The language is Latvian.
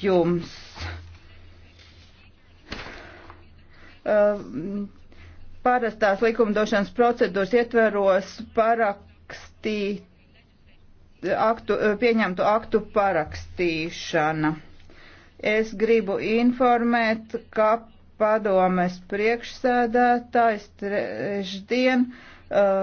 jums. Uh, parastās likumdošanas procedūras ietveros parakstīt, aktu, uh, pieņemtu aktu parakstīšana. Es gribu informēt, ka padomes priekšsēdētājs trešdien uh,